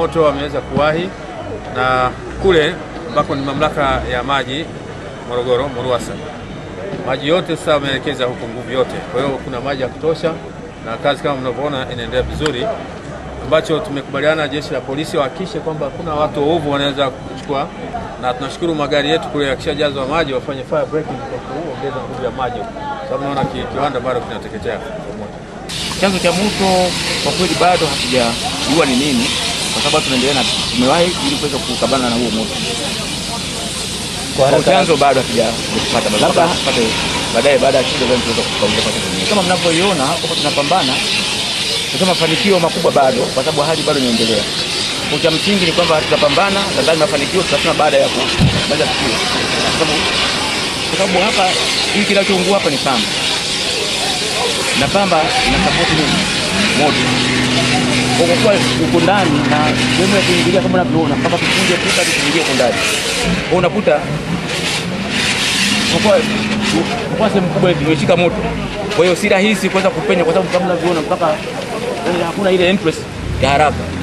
moto wameweza kuwahi na kule ambako ni mamlaka ya maji Morogoro MURUWASA, maji yote sasa wameelekeza huko nguvu yote. Kwa hiyo kuna maji ya kutosha na kazi kama mnavyoona inaendelea vizuri, ambacho tumekubaliana jeshi la polisi wahakikishe kwamba hakuna watu waovu wanaweza kuchukua, na tunashukuru magari yetu kule yakishajazwa maji wafanye fire breaking kwa kuongeza nguvu ya maji, sababu naona kiwanda bado kinateketea kwa moto. Chanzo cha moto kwa kweli bado hatujajua ni nini kwa sababu tunaendelea na tumewahi ili kuweza kukabana na huo moto. Kwa hiyo chanzo bado hatujapata, labda tupate baadaye, baada ya shida tunaweza kukabiliana. Kama mnavyoiona hapo, tunapambana kwa mafanikio makubwa bado, kwa sababu hali bado inaendelea. Kwa msingi ni kwamba tutapambana, nadhani mafanikio tutasema baada ya kumaliza tukio, kwa sababu hapa hii kinachoungua hapa ni pamba na pamba inasapoti nini moto kwa kuwa uko ndani na sehemu ya kuingilia, kama unavyoona mpaka tukunje kuta tuingie huko ndani, kwa unakuta kwa sehemu kubwa imeshika moto. Kwa hiyo si rahisi kuweza kupenya, kwa sababu kama unavyoona mpaka hakuna ile interest ya haraka.